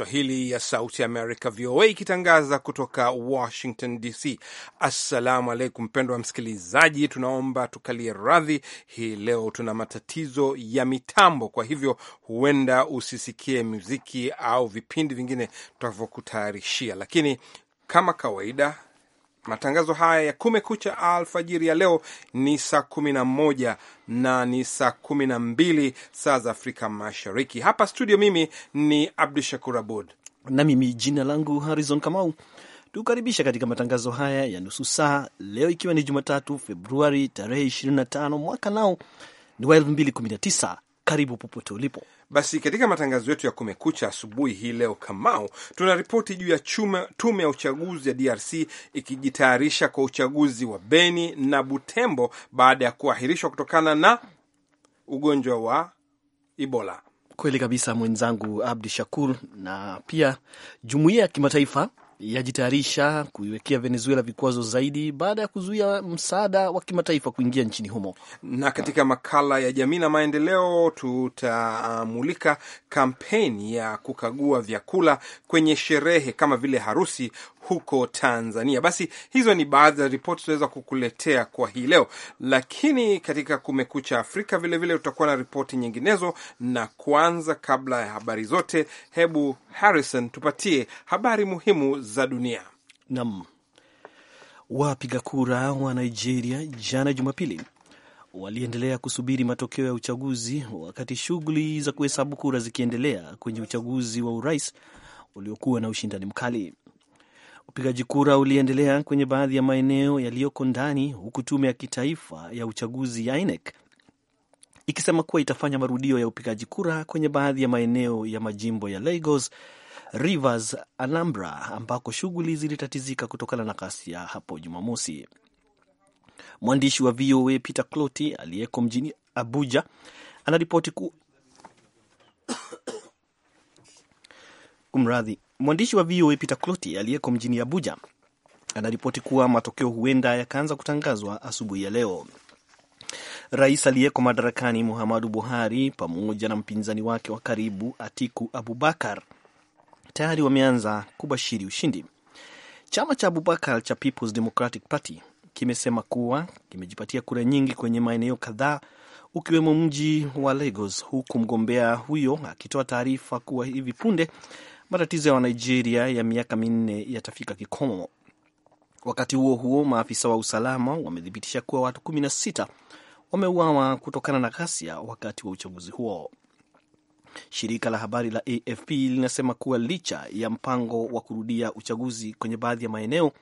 Kiswahili ya Sauti Amerika, VOA, ikitangaza kutoka Washington DC. Assalamu alaikum, mpendwa msikilizaji, tunaomba tukalie radhi. Hii leo tuna matatizo ya mitambo, kwa hivyo huenda usisikie muziki au vipindi vingine tutavyokutayarishia, lakini kama kawaida Matangazo haya ya Kumekucha alfajiri ya leo ni saa kumi na moja na ni saa kumi na mbili saa za Afrika Mashariki. Hapa studio, mimi ni Abdu Shakur Abud na mimi jina langu Harizon Kamau. Tukukaribisha katika matangazo haya ya nusu saa leo, ikiwa ni Jumatatu Februari tarehe 25 mwaka nao ni wa 2019. Karibu popote ulipo basi katika matangazo yetu ya Kumekucha asubuhi hii leo, Kamau, ripoti juu ya chuma, tume ya uchaguzi ya DRC ikijitayarisha kwa uchaguzi wa Beni na Butembo baada ya kuahirishwa kutokana na ugonjwa wa Ebola. Kweli kabisa mwenzangu Abdi Shakur. Na pia jumuiya ya kimataifa yajitayarisha kuiwekea Venezuela vikwazo zaidi baada ya kuzuia msaada wa kimataifa kuingia nchini humo. Na katika makala ya jamii na maendeleo tutamulika kampeni ya kukagua vyakula kwenye sherehe kama vile harusi huko Tanzania. Basi hizo ni baadhi ya ripoti tunaweza kukuletea kwa hii leo, lakini katika Kumekucha Afrika vilevile tutakuwa na ripoti nyinginezo. Na kwanza, kabla ya habari zote, hebu Harrison tupatie habari muhimu za dunia. Naam, wapiga kura wa Nigeria jana Jumapili waliendelea kusubiri matokeo ya uchaguzi wakati shughuli za kuhesabu kura zikiendelea kwenye uchaguzi wa urais uliokuwa na ushindani mkali. Upigaji kura uliendelea kwenye baadhi ya maeneo yaliyoko ndani, huku tume ya kitaifa ya uchaguzi ya INEC ikisema kuwa itafanya marudio ya upigaji kura kwenye baadhi ya maeneo ya majimbo ya Lagos, Rivers, Anambra ambako shughuli zilitatizika kutokana na ghasia hapo Jumamosi. Mwandishi wa VOA Peter Cloti aliyeko mjini Abuja anaripoti ku... kumradhi Mwandishi wa VOA Peter Cloti aliyeko mjini Abuja anaripoti kuwa matokeo huenda yakaanza kutangazwa asubuhi ya leo. Rais aliyeko madarakani Muhammadu Buhari pamoja na mpinzani wake wa karibu Atiku Abubakar tayari wameanza kubashiri ushindi. Chama cha Abubakar cha Peoples Democratic Party kimesema kuwa kimejipatia kura nyingi kwenye maeneo kadhaa ukiwemo mji wa Lagos, huku mgombea huyo akitoa taarifa kuwa hivi punde matatizo ya Wanigeria ya miaka minne yatafika kikomo. Wakati huo huo, maafisa wa usalama wamethibitisha kuwa watu kumi na sita wameuawa kutokana na ghasia wakati wa uchaguzi huo. Shirika la habari la AFP linasema kuwa licha ya mpango wa kurudia uchaguzi kwenye baadhi ya maeneo,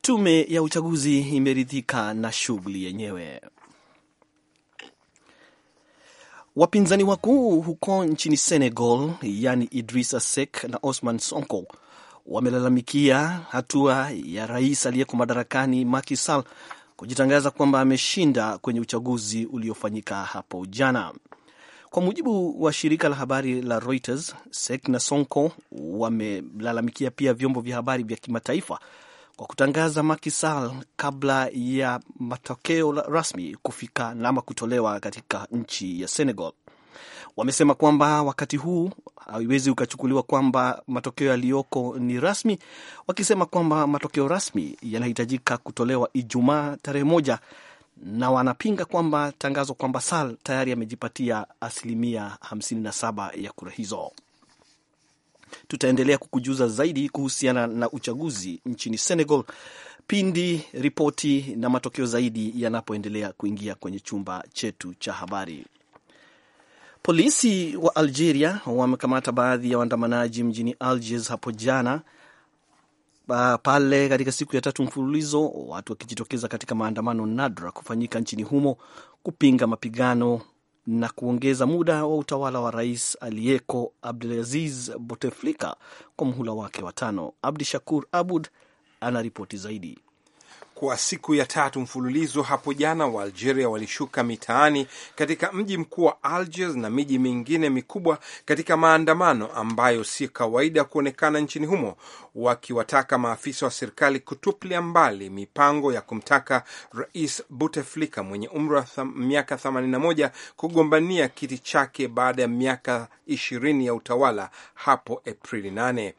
tume ya uchaguzi imeridhika na shughuli yenyewe. Wapinzani wakuu huko nchini Senegal, yani Idrissa sek na Osman Sonko wamelalamikia hatua ya rais aliyeko madarakani Macky Sall kujitangaza kwamba ameshinda kwenye uchaguzi uliofanyika hapo jana. Kwa mujibu wa shirika la habari la Reuters, Sek na Sonko wamelalamikia pia vyombo vya habari vya kimataifa kwa kutangaza Macky Sall kabla ya matokeo rasmi kufika nama kutolewa katika nchi ya Senegal. Wamesema kwamba wakati huu haiwezi ukachukuliwa kwamba matokeo yaliyoko ni rasmi, wakisema kwamba matokeo rasmi yanahitajika kutolewa Ijumaa tarehe moja, na wanapinga kwamba tangazo kwamba Sall tayari amejipatia asilimia 57 ya kura hizo. Tutaendelea kukujuza zaidi kuhusiana na uchaguzi nchini Senegal pindi ripoti na matokeo zaidi yanapoendelea kuingia kwenye chumba chetu cha habari. Polisi wa Algeria wamekamata baadhi ya waandamanaji mjini Algiers hapo jana pale katika siku ya tatu mfululizo, watu wakijitokeza katika maandamano nadra kufanyika nchini humo kupinga mapigano na kuongeza muda wa utawala wa rais aliyeko Abdulaziz Bouteflika kwa mhula wake wa tano. Abdi Shakur Abud anaripoti zaidi kwa siku ya tatu mfululizo hapo jana, wa Algeria walishuka mitaani katika mji mkuu wa Algiers na miji mingine mikubwa katika maandamano ambayo si kawaida kuonekana nchini humo, wakiwataka maafisa wa serikali kutupilia mbali mipango ya kumtaka Rais buteflika mwenye umri wa miaka 81 kugombania kiti chake baada ya miaka 20 ya utawala hapo Aprili 8.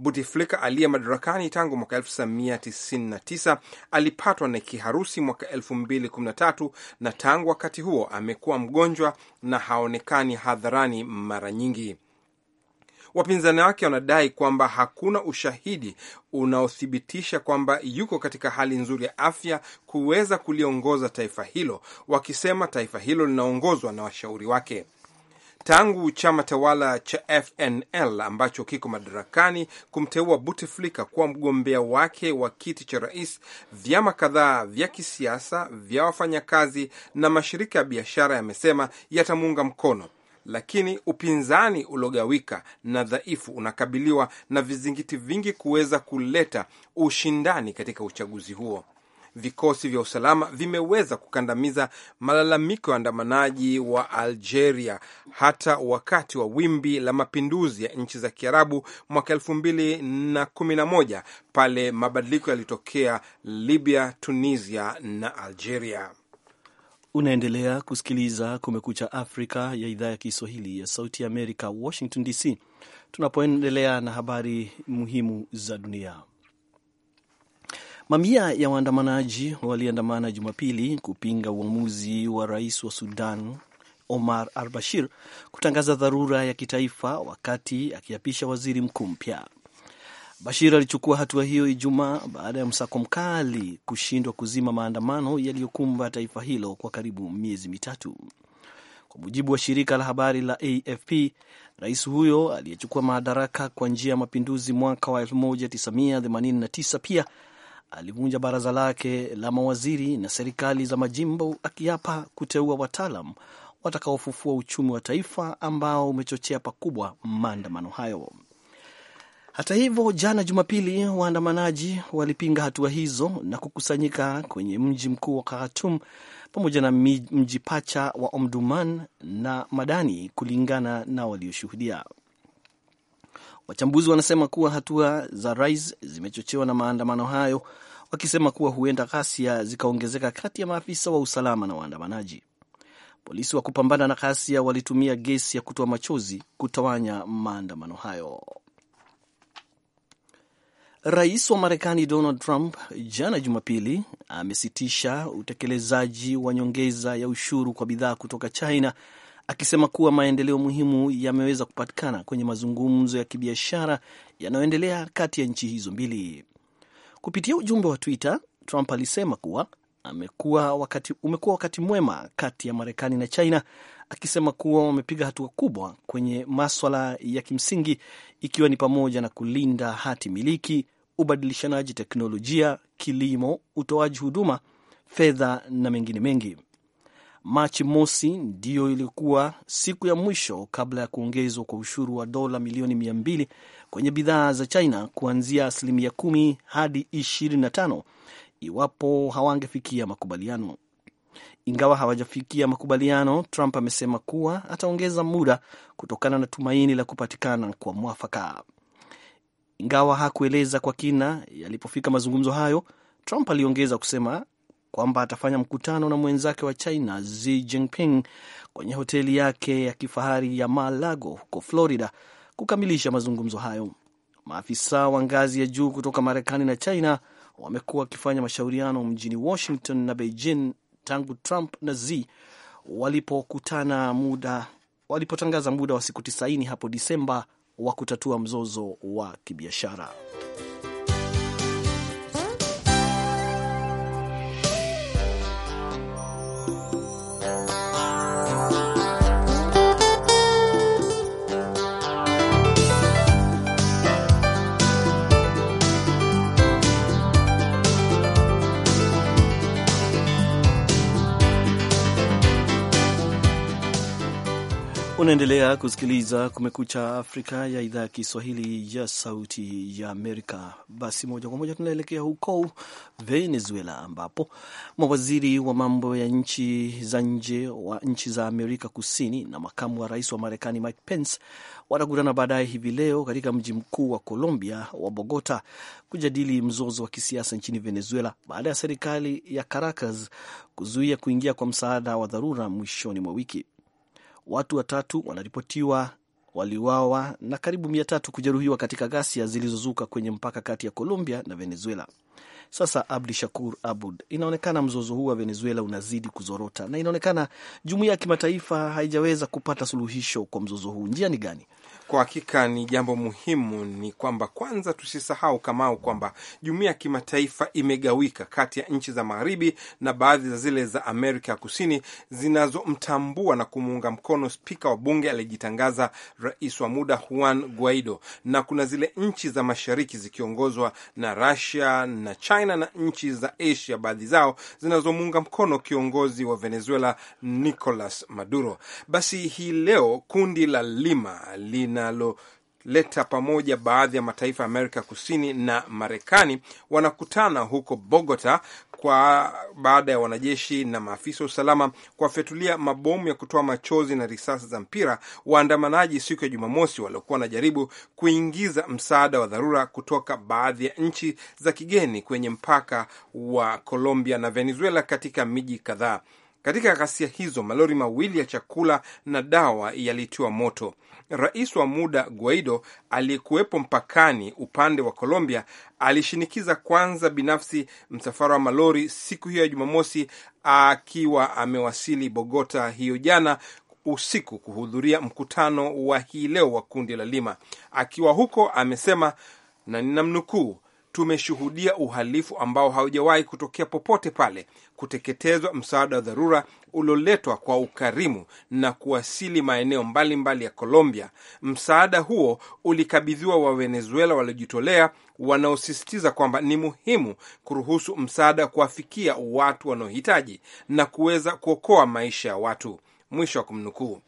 Butiflika aliye madarakani tangu mwaka 1999 alipatwa na kiharusi mwaka 2013 na tangu wakati huo amekuwa mgonjwa na haonekani hadharani mara nyingi. Wapinzani wake wanadai kwamba hakuna ushahidi unaothibitisha kwamba yuko katika hali nzuri ya afya kuweza kuliongoza taifa hilo, wakisema taifa hilo linaongozwa na washauri wake tangu chama tawala cha FNL ambacho kiko madarakani kumteua buteflika kuwa mgombea wake wa kiti cha rais, vyama kadhaa vya kisiasa vya wafanyakazi na mashirika ya biashara yamesema yatamuunga mkono, lakini upinzani uliogawika na dhaifu unakabiliwa na vizingiti vingi kuweza kuleta ushindani katika uchaguzi huo vikosi vya usalama vimeweza kukandamiza malalamiko ya waandamanaji wa Algeria hata wakati wa wimbi la mapinduzi ya nchi za Kiarabu mwaka elfu mbili na kumi na moja pale mabadiliko yalitokea Libya, Tunisia na Algeria. Unaendelea kusikiliza Kumekucha Afrika ya idhaa ya Kiswahili ya Sauti ya Amerika, Washington DC, tunapoendelea na habari muhimu za dunia. Mamia ya waandamanaji waliandamana Jumapili kupinga uamuzi wa rais wa Sudan Omar al Bashir kutangaza dharura ya kitaifa wakati akiapisha waziri mkuu mpya. Bashir alichukua hatua hiyo Ijumaa baada ya msako mkali kushindwa kuzima maandamano yaliyokumba taifa hilo kwa karibu miezi mitatu. Kwa mujibu wa shirika la habari la AFP, rais huyo aliyechukua madaraka kwa njia ya mapinduzi mwaka wa 1989 pia alivunja baraza lake la mawaziri na serikali za majimbo akiapa kuteua wataalam watakaofufua uchumi wa taifa ambao umechochea pakubwa maandamano hayo. Hata hivyo, jana Jumapili, waandamanaji walipinga hatua hizo na kukusanyika kwenye mji mkuu wa Khartoum pamoja na mji pacha wa Omdurman na Madani, kulingana na walioshuhudia. Wachambuzi wanasema kuwa hatua za rais zimechochewa na maandamano hayo, wakisema kuwa huenda ghasia zikaongezeka kati ya maafisa wa usalama na waandamanaji. Polisi wa kupambana na ghasia walitumia gesi ya kutoa machozi kutawanya maandamano hayo. Rais wa Marekani Donald Trump jana Jumapili amesitisha utekelezaji wa nyongeza ya ushuru kwa bidhaa kutoka China akisema kuwa maendeleo muhimu yameweza kupatikana kwenye mazungumzo ya kibiashara yanayoendelea kati ya nchi hizo mbili. Kupitia ujumbe wa Twitter, Trump alisema kuwa amekuwa wakati, umekuwa wakati mwema kati ya Marekani na China, akisema kuwa wamepiga hatua kubwa kwenye maswala ya kimsingi, ikiwa ni pamoja na kulinda hati miliki, ubadilishanaji teknolojia, kilimo, utoaji huduma, fedha na mengine mengi. Machi mosi ndiyo ilikuwa siku ya mwisho kabla ya kuongezwa kwa ushuru wa dola milioni mia mbili kwenye bidhaa za China kuanzia asilimia kumi hadi ishirini na tano iwapo hawangefikia makubaliano. Ingawa hawajafikia makubaliano, Trump amesema kuwa ataongeza muda kutokana na tumaini la kupatikana kwa mwafaka. Ingawa hakueleza kwa kina yalipofika mazungumzo hayo, Trump aliongeza kusema kwamba atafanya mkutano na mwenzake wa China Xi Jinping kwenye hoteli yake ya kifahari ya Mar-a-Lago huko Florida kukamilisha mazungumzo hayo. Maafisa wa ngazi ya juu kutoka Marekani na China wamekuwa wakifanya mashauriano mjini Washington na Beijing tangu Trump na Xi walipokutana muda walipotangaza muda wa siku 90 hapo Disemba wa kutatua mzozo wa kibiashara. Unaendelea kusikiliza Kumekucha Afrika ya idhaa ya Kiswahili ya Sauti ya Amerika. Basi moja kwa moja tunaelekea huko Venezuela, ambapo mawaziri wa mambo ya nchi za nje wa nchi za Amerika Kusini na makamu wa rais wa Marekani Mike Pence watakutana baadaye hivi leo katika mji mkuu wa Colombia wa Bogota kujadili mzozo wa kisiasa nchini Venezuela baada ya serikali ya Caracas kuzuia kuingia kwa msaada wa dharura mwishoni mwa wiki. Watu watatu wanaripotiwa waliuawa na karibu mia tatu kujeruhiwa katika ghasia zilizozuka kwenye mpaka kati ya Colombia na Venezuela. Sasa Abdi Shakur Abud, inaonekana mzozo huu wa Venezuela unazidi kuzorota na inaonekana jumuiya ya kimataifa haijaweza kupata suluhisho kwa mzozo huu. Njia ni gani? Kwa hakika ni jambo muhimu, ni kwamba kwanza tusisahau Kamau kwamba jumuiya ya kimataifa imegawika kati ya nchi za magharibi na baadhi za zile za Amerika ya Kusini zinazomtambua na kumuunga mkono spika wa bunge aliyejitangaza rais wa muda Juan Guaido, na kuna zile nchi za mashariki zikiongozwa na rasia na China na nchi za Asia baadhi zao zinazomuunga mkono kiongozi wa Venezuela Nicolas Maduro. Basi hii leo kundi la Lima lina linalo leta pamoja baadhi ya mataifa ya Amerika Kusini na Marekani wanakutana huko Bogota kwa baada ya wanajeshi na maafisa wa usalama kuwafyatulia mabomu ya kutoa machozi na risasi za mpira waandamanaji siku ya Jumamosi waliokuwa wanajaribu kuingiza msaada wa dharura kutoka baadhi ya nchi za kigeni kwenye mpaka wa Colombia na Venezuela katika miji kadhaa. Katika ghasia hizo, malori mawili ya chakula na dawa yalitiwa moto rais wa muda Guaido aliyekuwepo mpakani upande wa Colombia alishinikiza kwanza binafsi msafara wa malori siku hiyo ya Jumamosi akiwa amewasili Bogota hiyo jana usiku kuhudhuria mkutano wa hii leo wa kundi la Lima. Akiwa huko amesema, na ninamnukuu, tumeshuhudia uhalifu ambao haujawahi kutokea popote pale kuteketezwa msaada wa dharura ulioletwa kwa ukarimu na kuwasili maeneo mbalimbali mbali ya Colombia. Msaada huo ulikabidhiwa wa Venezuela waliojitolea wanaosisitiza kwamba ni muhimu kuruhusu msaada kuwafikia watu wanaohitaji na kuweza kuokoa maisha ya watu. Mwisho wa kumnukuu.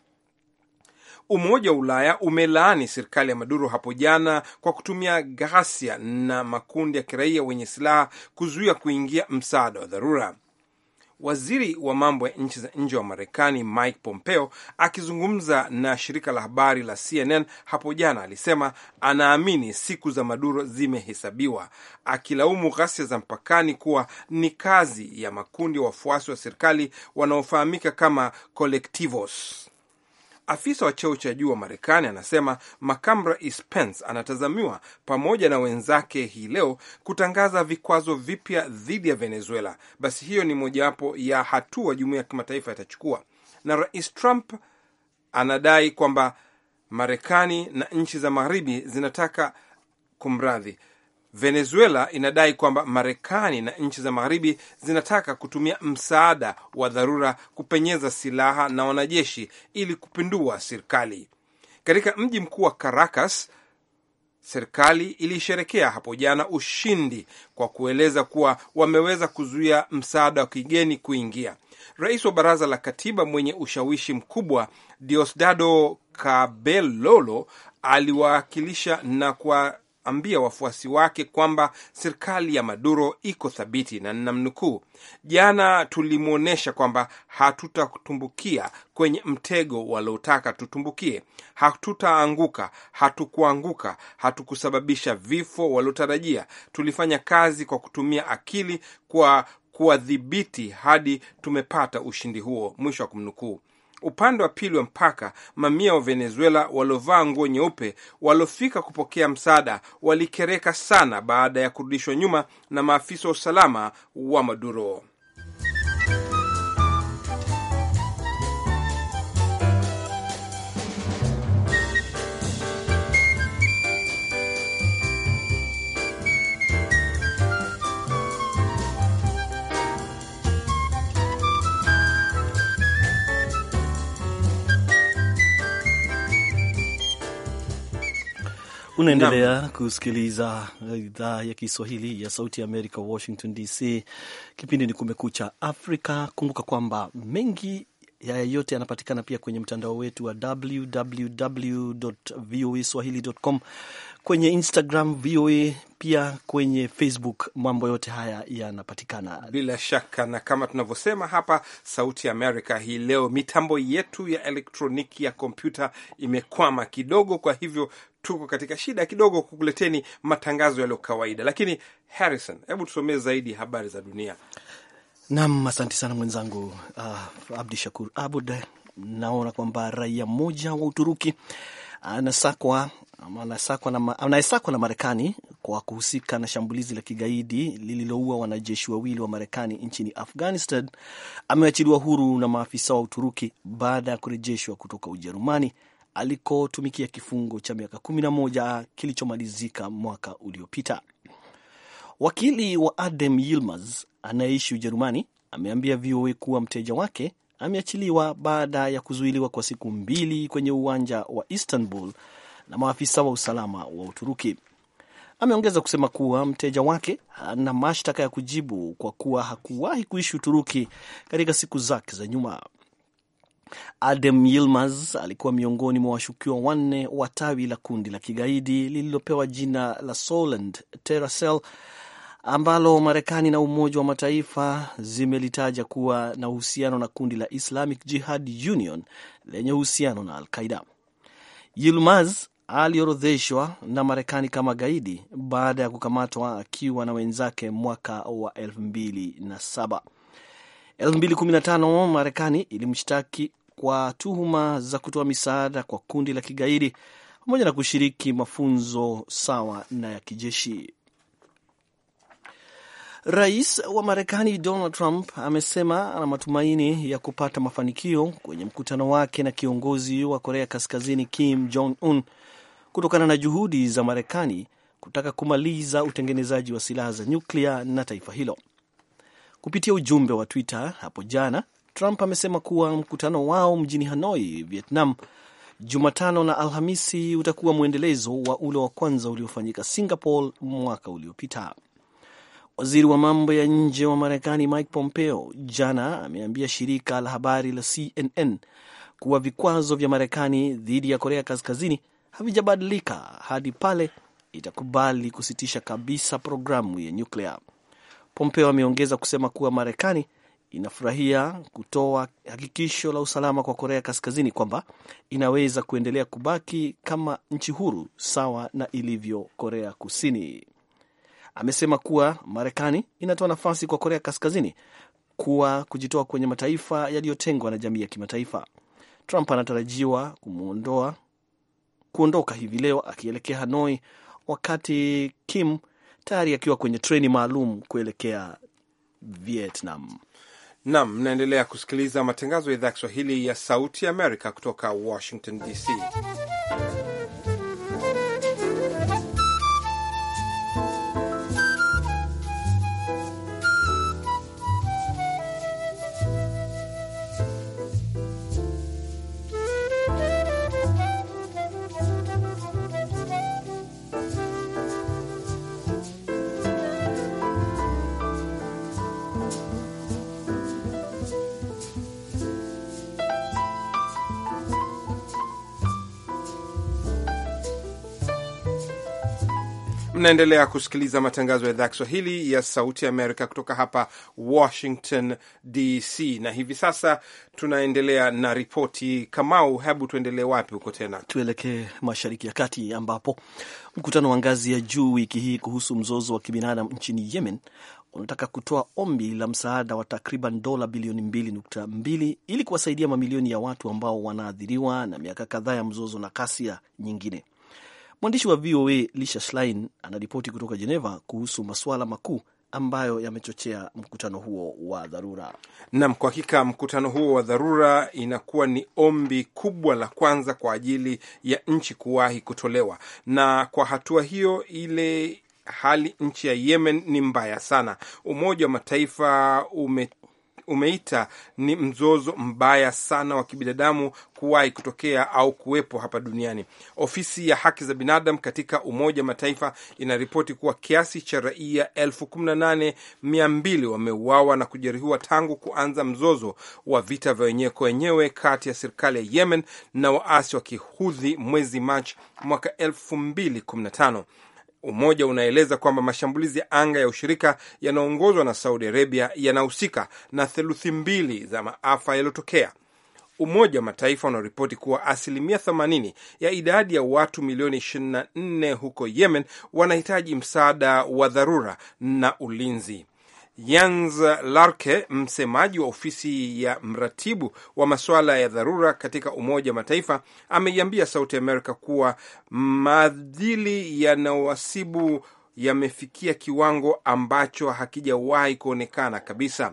Umoja wa Ulaya umelaani serikali ya Maduro hapo jana kwa kutumia ghasia na makundi ya kiraia wenye silaha kuzuia kuingia msaada wa dharura. Waziri wa mambo ya nchi za nje wa Marekani Mike Pompeo akizungumza na shirika la habari la CNN hapo jana alisema anaamini siku za Maduro zimehesabiwa, akilaumu ghasia za mpakani kuwa ni kazi ya makundi ya wafuasi wa serikali wanaofahamika kama colectivos. Afisa wa cheo cha juu wa Marekani anasema makamu rais Pence anatazamiwa pamoja na wenzake hii leo kutangaza vikwazo vipya dhidi ya Venezuela. Basi hiyo ni mojawapo ya hatua jumuiya ya kimataifa itachukua, na rais Trump anadai kwamba Marekani na nchi za magharibi zinataka kumradhi Venezuela inadai kwamba Marekani na nchi za magharibi zinataka kutumia msaada wa dharura kupenyeza silaha na wanajeshi ili kupindua serikali. Katika mji mkuu wa Caracas, serikali ilisherekea hapo jana ushindi kwa kueleza kuwa wameweza kuzuia msaada wa kigeni kuingia. Rais wa baraza la katiba mwenye ushawishi mkubwa Diosdado Cabelolo aliwawakilisha na kwa ambia wafuasi wake kwamba serikali ya Maduro iko thabiti, na ninamnukuu: jana tulimwonyesha kwamba hatutatumbukia kwenye mtego waliotaka tutumbukie. Hatutaanguka, hatukuanguka, hatukusababisha vifo waliotarajia. Tulifanya kazi kwa kutumia akili kwa kuwadhibiti hadi tumepata ushindi huo, mwisho wa kumnukuu upande wa pili wa mpaka, mamia wa Venezuela waliovaa nguo nyeupe waliofika kupokea msaada walikereka sana baada ya kurudishwa nyuma na maafisa wa usalama wa Maduro. Unaendelea kusikiliza idhaa ya Kiswahili ya Sauti ya Amerika, Washington DC. Kipindi ni Kumekucha Afrika. Kumbuka kwamba mengi yaya yote yanapatikana pia kwenye mtandao wetu wa www voa swahili.com kwenye Instagram VOA pia kwenye Facebook. Mambo yote haya yanapatikana bila shaka, na kama tunavyosema hapa Sauti Amerika hii leo, mitambo yetu ya elektroniki ya kompyuta imekwama kidogo, kwa hivyo tuko katika shida kidogo kukuleteni matangazo yaliyo kawaida. Lakini Harrison, hebu tusomee zaidi habari za dunia. Nam, asante sana mwenzangu uh, Abdi Shakur Abud. Naona kwamba raia mmoja wa Uturuki anasakwa anayesakwa na Marekani kwa kuhusika na shambulizi la kigaidi lililoua wanajeshi wawili wa Marekani nchini Afghanistan ameachiliwa huru na maafisa wa Uturuki baada ya kurejeshwa kutoka Ujerumani alikotumikia kifungo cha miaka moja kilichomalizika mwaka uliopita. Wakili wa Adem Yilmaz anayeishi Ujerumani ameambia VOA kuwa mteja wake ameachiliwa baada ya kuzuiliwa kwa siku mbili kwenye uwanja wa Istanbul na maafisa wa usalama wa Uturuki. Ameongeza kusema kuwa mteja wake hana mashtaka ya kujibu kwa kuwa hakuwahi kuishi Uturuki katika siku zake za nyuma. Adem Yilmaz alikuwa miongoni mwa washukiwa wanne wa tawi la kundi la kigaidi lililopewa jina la Soland Teracel ambalo Marekani na Umoja wa Mataifa zimelitaja kuwa na uhusiano na kundi la Islamic Jihad Union lenye uhusiano na Al Qaida. Yilmaz aliorodheshwa na Marekani kama gaidi baada ya kukamatwa akiwa na wenzake mwaka wa 2007. 2015 Marekani ilimshtaki kwa tuhuma za kutoa misaada kwa kundi la kigaidi pamoja na kushiriki mafunzo sawa na ya kijeshi. Rais wa Marekani Donald Trump amesema ana matumaini ya kupata mafanikio kwenye mkutano wake na kiongozi wa Korea Kaskazini Kim Jong Un kutokana na juhudi za Marekani kutaka kumaliza utengenezaji wa silaha za nyuklia na taifa hilo. Kupitia ujumbe wa Twitter hapo jana, Trump amesema kuwa mkutano wao mjini Hanoi, Vietnam, Jumatano na Alhamisi utakuwa mwendelezo wa ule wa kwanza uliofanyika Singapore mwaka uliopita. Waziri wa mambo ya nje wa Marekani Mike Pompeo jana ameambia shirika la habari la CNN kuwa vikwazo vya Marekani dhidi ya Korea Kaskazini havijabadilika hadi pale itakubali kusitisha kabisa programu ya nyuklia. Pompeo ameongeza kusema kuwa Marekani inafurahia kutoa hakikisho la usalama kwa Korea Kaskazini kwamba inaweza kuendelea kubaki kama nchi huru sawa na ilivyo Korea Kusini. Amesema kuwa Marekani inatoa nafasi kwa Korea Kaskazini kuwa kujitoa kwenye mataifa yaliyotengwa na jamii ya kimataifa. Trump anatarajiwa kumwondoa kuondoka hivi leo akielekea Hanoi, wakati Kim tayari akiwa kwenye treni maalum kuelekea Vietnam. Nam, mnaendelea kusikiliza matangazo ya idhaa ya Kiswahili ya Sauti ya Amerika kutoka Washington DC. Mnaendelea kusikiliza matangazo ya idhaa ya Kiswahili ya Sauti Amerika kutoka hapa Washington DC, na hivi sasa tunaendelea na ripoti. Kamau, hebu tuendelee wapi huko tena? Tuelekee Mashariki ya Kati, ambapo mkutano wa ngazi ya juu wiki hii kuhusu mzozo wa kibinadamu nchini Yemen unataka kutoa ombi la msaada wa takriban dola bilioni 2.2 ili kuwasaidia mamilioni ya watu ambao wanaathiriwa na miaka kadhaa ya mzozo na kasia nyingine. Mwandishi wa VOA Lisha Schlein anaripoti kutoka Geneva kuhusu masuala makuu ambayo yamechochea mkutano huo wa dharura. Naam, kwa hakika mkutano huo wa dharura inakuwa ni ombi kubwa la kwanza kwa ajili ya nchi kuwahi kutolewa, na kwa hatua hiyo ile hali nchi ya Yemen ni mbaya sana. Umoja wa Mataifa ume umeita ni mzozo mbaya sana wa kibinadamu kuwahi kutokea au kuwepo hapa duniani. Ofisi ya haki za binadamu katika Umoja wa Mataifa inaripoti kuwa kiasi cha raia elfu kumi na nane mia mbili wameuawa na kujeruhiwa tangu kuanza mzozo wa vita vya wenyewe kwa wenyewe kati ya serikali ya Yemen na waasi wa Kihudhi mwezi Machi mwaka elfu mbili kumi na tano. Umoja unaeleza kwamba mashambulizi ya anga ya ushirika yanaongozwa na Saudi Arabia yanahusika na theluthi mbili za maafa yaliyotokea. Umoja wa Mataifa unaoripoti kuwa asilimia 80 ya idadi ya watu milioni 24 huko Yemen wanahitaji msaada wa dharura na ulinzi. Jens Larke, msemaji wa ofisi ya mratibu wa masuala ya dharura katika Umoja wa Mataifa, ameiambia Sauti Amerika kuwa maadhili yanaowasibu yamefikia kiwango ambacho hakijawahi kuonekana kabisa.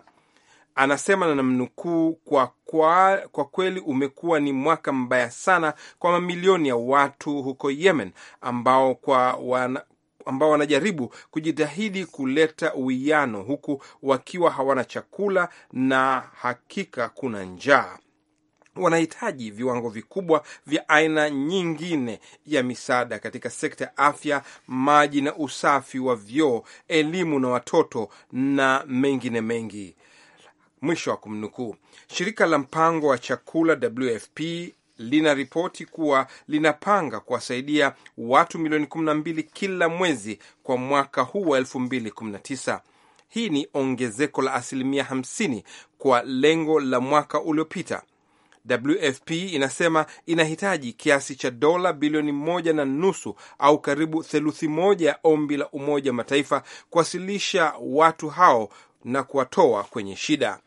Anasema na namnukuu, kwa, kwa, kwa kweli umekuwa ni mwaka mbaya sana kwa mamilioni ya watu huko Yemen ambao kwa wana, ambao wanajaribu kujitahidi kuleta uwiano huku wakiwa hawana chakula na hakika kuna njaa. Wanahitaji viwango vikubwa vya aina nyingine ya misaada katika sekta ya afya, maji na usafi wa vyoo, elimu na watoto na mengine mengi. Mwisho wa kumnukuu. Shirika la mpango wa chakula WFP linaripoti kuwa linapanga kuwasaidia watu milioni 12 kila mwezi kwa mwaka huu wa 2019. Hii ni ongezeko la asilimia 50 kwa lengo la mwaka uliopita. WFP inasema inahitaji kiasi cha dola bilioni moja na nusu au karibu theluthi moja ya ombi la Umoja wa Mataifa kuwasilisha watu hao na kuwatoa kwenye shida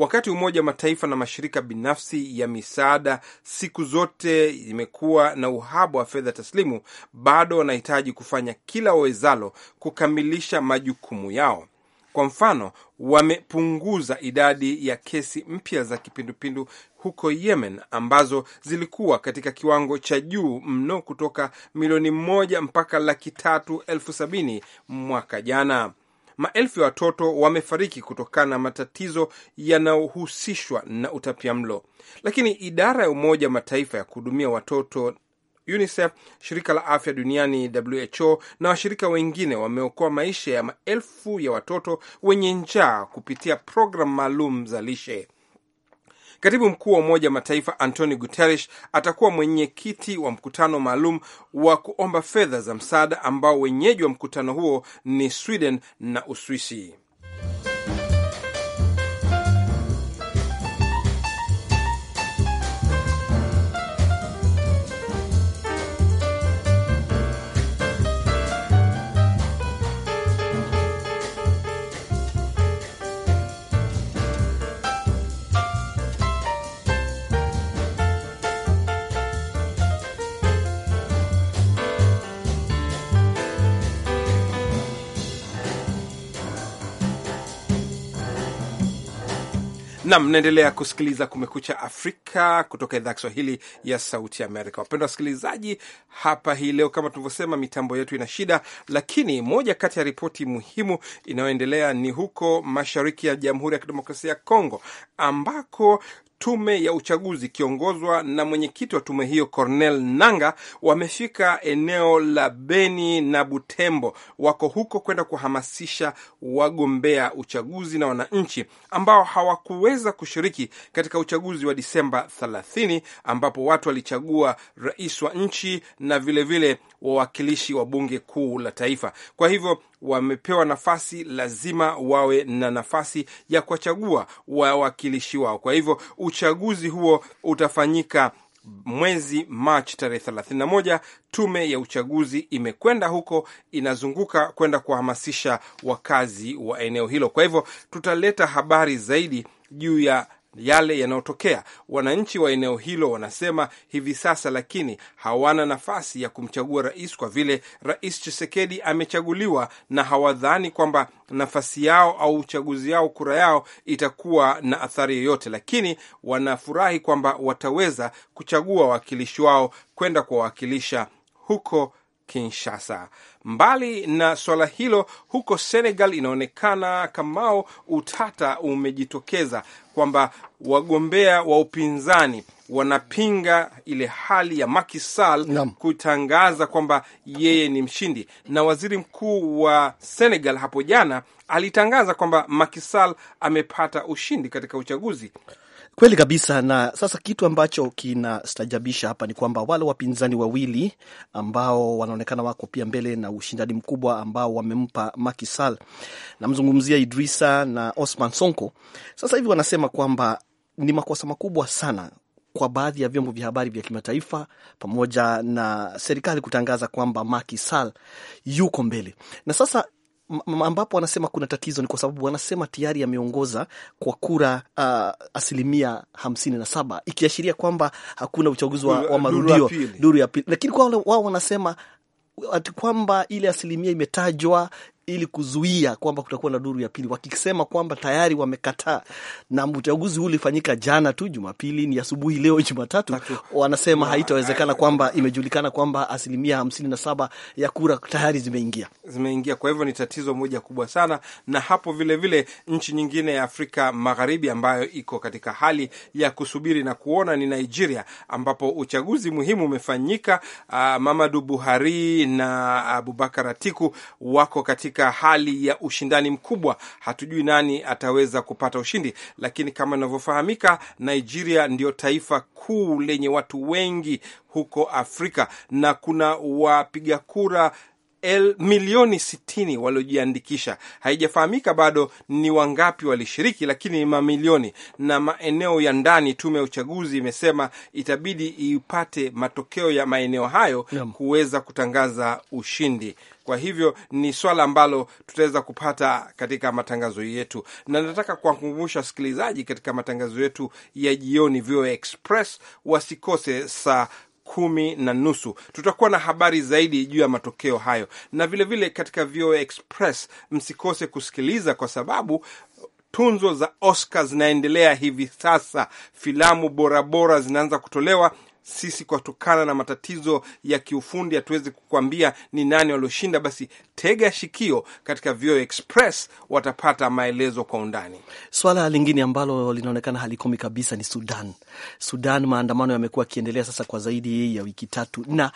wakati Umoja wa Mataifa na mashirika binafsi ya misaada siku zote imekuwa na uhaba wa fedha taslimu, bado wanahitaji kufanya kila wawezalo kukamilisha majukumu yao. Kwa mfano, wamepunguza idadi ya kesi mpya za kipindupindu huko Yemen ambazo zilikuwa katika kiwango cha juu mno kutoka milioni moja mpaka laki tatu elfu sabini mwaka jana maelfu ya watoto wamefariki kutokana na matatizo yanayohusishwa na utapia mlo Lakini idara ya Umoja wa Mataifa ya kuhudumia watoto UNICEF, shirika la afya duniani WHO na washirika wengine wameokoa maisha ya maelfu ya watoto wenye njaa kupitia programu maalum za lishe. Katibu mkuu wa Umoja wa Mataifa antoni Guterres atakuwa mwenyekiti wa mkutano maalum wa kuomba fedha za msaada ambao wenyeji wa mkutano huo ni Sweden na Uswisi. Nam, naendelea kusikiliza Kumekucha Afrika kutoka idhaa ya Kiswahili ya Sauti Amerika. Wapendwa wasikilizaji, hapa hii leo, kama tulivyosema, mitambo yetu ina shida, lakini moja kati ya ripoti muhimu inayoendelea ni huko mashariki ya Jamhuri ya Kidemokrasia ya Kongo ambako tume ya uchaguzi ikiongozwa na mwenyekiti wa tume hiyo Cornel Nanga wamefika eneo la Beni na Butembo. Wako huko kwenda kuhamasisha wagombea uchaguzi na wananchi ambao hawakuweza kushiriki katika uchaguzi wa Disemba 30 ambapo watu walichagua rais wa nchi na vilevile wawakilishi wa bunge kuu la taifa. Kwa hivyo wamepewa nafasi, lazima wawe na nafasi ya kuwachagua wawakilishi wao. Kwa hivyo uchaguzi huo utafanyika mwezi Machi tarehe moja. Tume ya uchaguzi imekwenda huko, inazunguka kwenda kuwahamasisha wakazi wa eneo hilo. Kwa hivyo tutaleta habari zaidi juu ya yale yanayotokea. Wananchi wa eneo hilo wanasema hivi sasa, lakini hawana nafasi ya kumchagua rais kwa vile Rais Chisekedi amechaguliwa, na hawadhani kwamba nafasi yao au uchaguzi yao, kura yao itakuwa na athari yoyote, lakini wanafurahi kwamba wataweza kuchagua wawakilishi wao kwenda kuwawakilisha huko Kinshasa. Mbali na swala hilo, huko Senegal inaonekana kamao utata umejitokeza kwamba wagombea wa upinzani wanapinga ile hali ya Macky Sall kutangaza kwamba yeye ni mshindi, na waziri mkuu wa Senegal hapo jana alitangaza kwamba Macky Sall amepata ushindi katika uchaguzi, Kweli kabisa. Na sasa kitu ambacho kinastajabisha hapa ni kwamba wale wapinzani wawili ambao wanaonekana wako pia mbele na ushindani mkubwa ambao wamempa Macky Sall, namzungumzia Idrisa na Osman Sonko, sasa hivi wanasema kwamba ni makosa makubwa sana kwa baadhi ya vyombo vya habari vya kimataifa pamoja na serikali kutangaza kwamba Macky Sall yuko mbele. Na sasa ambapo wanasema kuna tatizo ni kwa sababu wanasema tayari ameongoza kwa kura uh, asilimia hamsini na saba ikiashiria kwamba hakuna uchaguzi wa, wa marudio duru ya pili, lakini kwa wao wanasema ati kwamba ile asilimia imetajwa ili kuzuia kwamba kutakuwa na duru ya pili, wakisema kwamba tayari wamekataa, na uchaguzi huu ulifanyika jana tu Jumapili, ni asubuhi leo Jumatatu. Wanasema haitawezekana kwamba imejulikana kwamba asilimia hamsini na saba ya kura tayari zimeingia zimeingia. Kwa hivyo ni tatizo moja kubwa sana, na hapo vilevile vile, nchi nyingine ya Afrika Magharibi ambayo iko katika hali ya kusubiri na kuona ni Nigeria, ambapo uchaguzi muhimu umefanyika. Uh, ah, Mamadu Buhari na Abubakar Atiku wako katika katika hali ya ushindani mkubwa. Hatujui nani ataweza kupata ushindi, lakini kama inavyofahamika, Nigeria ndio taifa kuu lenye watu wengi huko Afrika na kuna wapiga kura El, milioni sitini waliojiandikisha. Haijafahamika bado ni wangapi walishiriki, lakini ni mamilioni. Na maeneo ya ndani, tume ya uchaguzi imesema itabidi ipate matokeo ya maeneo hayo kuweza kutangaza ushindi. Kwa hivyo ni swala ambalo tutaweza kupata katika matangazo yetu, na nataka kuwakumbusha wasikilizaji katika matangazo yetu ya jioni VOA Express wasikose saa kumi na nusu tutakuwa na habari zaidi juu ya matokeo hayo, na vilevile vile katika VOA Express msikose kusikiliza, kwa sababu tunzo za Oscar zinaendelea hivi sasa. Filamu bora bora zinaanza kutolewa sisi kutokana na matatizo ya kiufundi hatuwezi kukwambia ni nani walioshinda, basi tega shikio katika VOA Express watapata maelezo kwa undani. Swala lingine ambalo linaonekana halikomi kabisa ni Sudan. Sudan, maandamano yamekuwa yakiendelea sasa kwa zaidi ya wiki tatu na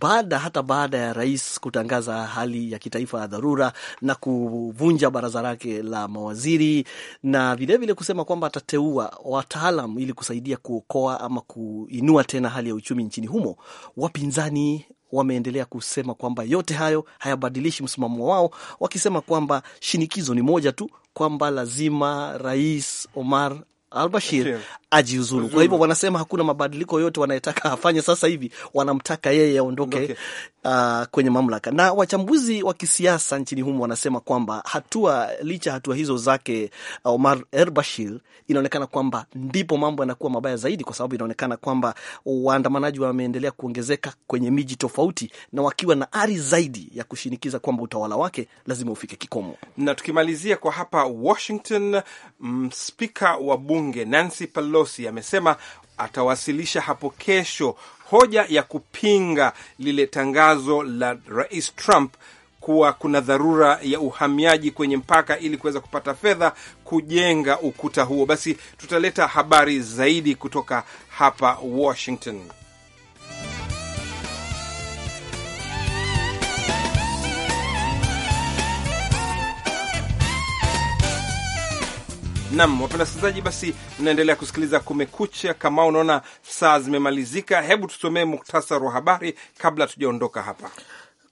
baada hata baada ya rais kutangaza hali ya kitaifa ya dharura na kuvunja baraza lake la mawaziri na vilevile vile kusema kwamba atateua wataalam ili kusaidia kuokoa ama kuinua tena hali ya uchumi nchini humo, wapinzani wameendelea kusema kwamba yote hayo hayabadilishi msimamo wao, wakisema kwamba shinikizo ni moja tu, kwamba lazima Rais Omar Albashir ajiuzulu. Kwa hivyo wanasema hakuna mabadiliko yote wanayetaka afanye sasa hivi, wanamtaka yeye aondoke uh, kwenye mamlaka. Na wachambuzi wa kisiasa nchini humo wanasema kwamba hatua licha ya hatua hizo zake uh, Omar Erbashir, inaonekana kwamba ndipo mambo yanakuwa mabaya zaidi, kwa sababu inaonekana kwamba waandamanaji wameendelea kuongezeka kwenye miji tofauti, na wakiwa na ari zaidi ya kushinikiza kwamba utawala wake lazima ufike kikomo. Na tukimalizia kwa hapa Washington, spika wa bunge Nancy Pelosi amesema atawasilisha hapo kesho hoja ya kupinga lile tangazo la Rais Trump kuwa kuna dharura ya uhamiaji kwenye mpaka ili kuweza kupata fedha kujenga ukuta huo. Basi tutaleta habari zaidi kutoka hapa Washington. Nam, wapenda wasikilizaji, basi mnaendelea kusikiliza Kumekucha. Kama unaona saa zimemalizika, hebu tusomee muktasari wa habari kabla tujaondoka hapa.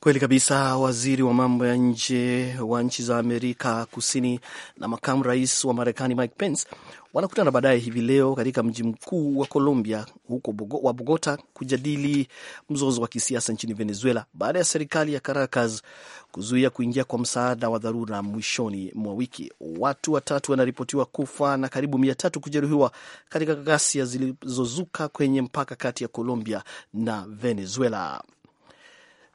Kweli kabisa. Waziri wa mambo ya nje wa nchi za Amerika Kusini na makamu rais wa Marekani Mike Pence wanakutana baadaye hivi leo katika mji mkuu wa Colombia huko Bogo, wa Bogota kujadili mzozo wa kisiasa nchini Venezuela baada ya serikali ya Caracas kuzuia kuingia kwa msaada wa dharura mwishoni mwa wiki. Watu watatu wanaripotiwa kufa na karibu mia tatu kujeruhiwa katika ghasia zilizozuka kwenye mpaka kati ya Colombia na Venezuela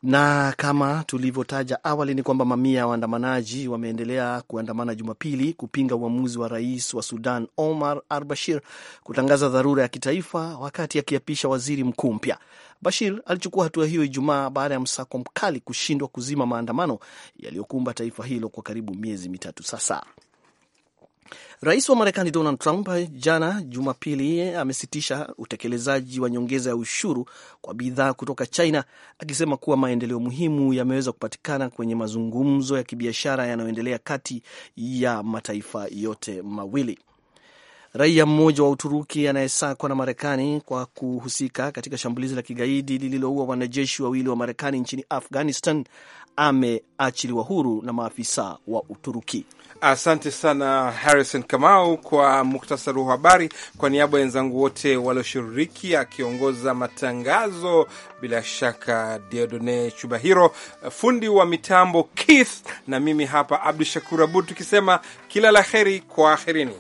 na kama tulivyotaja awali ni kwamba mamia ya waandamanaji wameendelea kuandamana Jumapili kupinga uamuzi wa rais wa Sudan Omar al Bashir kutangaza dharura ya kitaifa wakati akiapisha waziri mkuu mpya. Bashir alichukua hatua hiyo Ijumaa baada ya msako mkali kushindwa kuzima maandamano yaliyokumba taifa hilo kwa karibu miezi mitatu sasa. Rais wa Marekani Donald Trump jana Jumapili amesitisha utekelezaji wa nyongeza ya ushuru kwa bidhaa kutoka China, akisema kuwa maendeleo muhimu yameweza kupatikana kwenye mazungumzo ya kibiashara yanayoendelea kati ya mataifa yote mawili. Raia mmoja wa Uturuki anayesakwa na Marekani kwa kuhusika katika shambulizi la kigaidi lililoua wanajeshi wawili wa Marekani nchini Afghanistan ameachiliwa huru na maafisa wa Uturuki. Asante sana Harrison Kamau kwa muktasari wa habari. Kwa niaba ya wenzangu wote walioshiriki, akiongoza matangazo bila shaka Diodone Chubahiro, fundi wa mitambo Keith, na mimi hapa Abdu Shakur Abud, tukisema kila la heri, kwa aherini